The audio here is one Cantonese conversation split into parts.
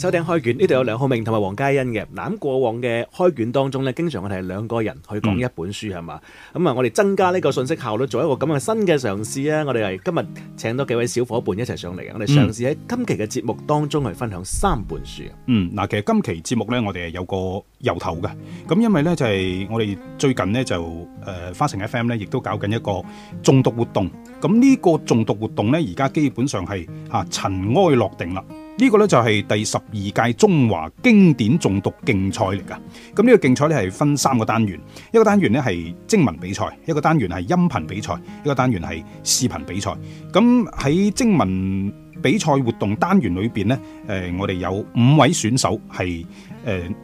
收聽開卷，呢度有梁浩明同埋黃嘉欣嘅。嗱，咁過往嘅開卷當中咧，經常我哋係兩個人去講一本書係嘛。咁啊、嗯嗯，我哋增加呢個信息效率，做一個咁嘅新嘅嘗試啊！我哋係今日請多幾位小伙伴一齊上嚟。我哋嘗試喺今期嘅節目當中去分享三本書。嗯，嗱，其實今期節目咧，我哋係有個由頭嘅。咁因為咧就係、是、我哋最近呢，就誒、呃、花城 FM 咧亦都搞緊一個中毒活動。咁呢個中毒活動咧，而家基本上係啊塵埃落定啦。呢個呢，就係第十二屆中華經典誦讀競賽嚟噶，咁、這、呢個競賽呢，係分三個單元，一個單元呢，係徵文比賽，一個單元係音頻比賽，一個單元係視頻比賽。咁喺徵文比賽活動單元裏邊呢，誒、呃，我哋有五位選手係誒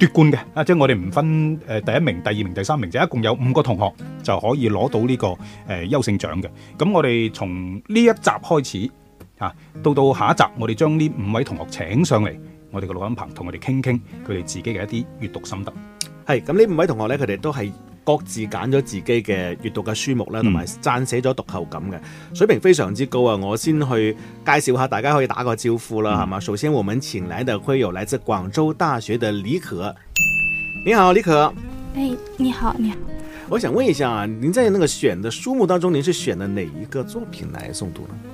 奪冠嘅，啊，即係我哋唔分誒第一名、第二名、第三名，就是、一共有五個同學就可以攞到呢、這個誒、呃、優勝獎嘅。咁我哋從呢一集開始。到到下一集，我哋將呢五位同學請上嚟，我哋個錄音棚同佢哋傾傾佢哋自己嘅一啲閱讀心得。係咁，呢五位同學呢，佢哋都係各自揀咗自己嘅閱讀嘅書目咧，同埋撰寫咗讀後感嘅，水平非常之高啊！我先去介紹下，大家可以打個招呼啦，好、嗯、嗎？首先，我們請來的會有來自廣州大學的李可。你好，李可。誒、哎，你好，你好。我想問一下啊，您在那個選的書目當中，您是選的哪一個作品來誦讀呢？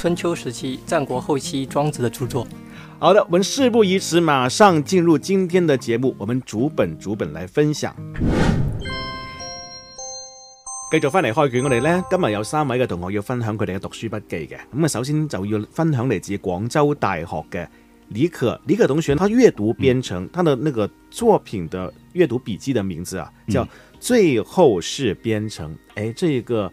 春秋時期，戰國後期，莊子的著作。好的，我們事不宜遲，馬上進入今天的節目。我們逐本逐本來分享。 繼續翻嚟開卷，我哋呢今日有三位嘅同學要分享佢哋嘅讀書筆記嘅。咁啊，首先就要分享嚟自廣州大學嘅李可，李可同學他，嗯、他閱讀邊城，他的那個作品的閱讀筆記的名字啊，叫《最後是邊城》。哎，這個。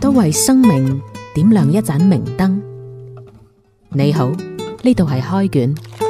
都為生命點亮一盞明燈。你好，呢度係開卷。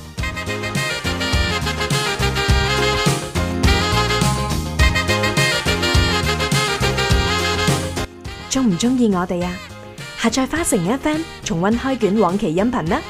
鍾唔鍾意我哋啊？下載花城 FM 重溫開卷往期音頻啦！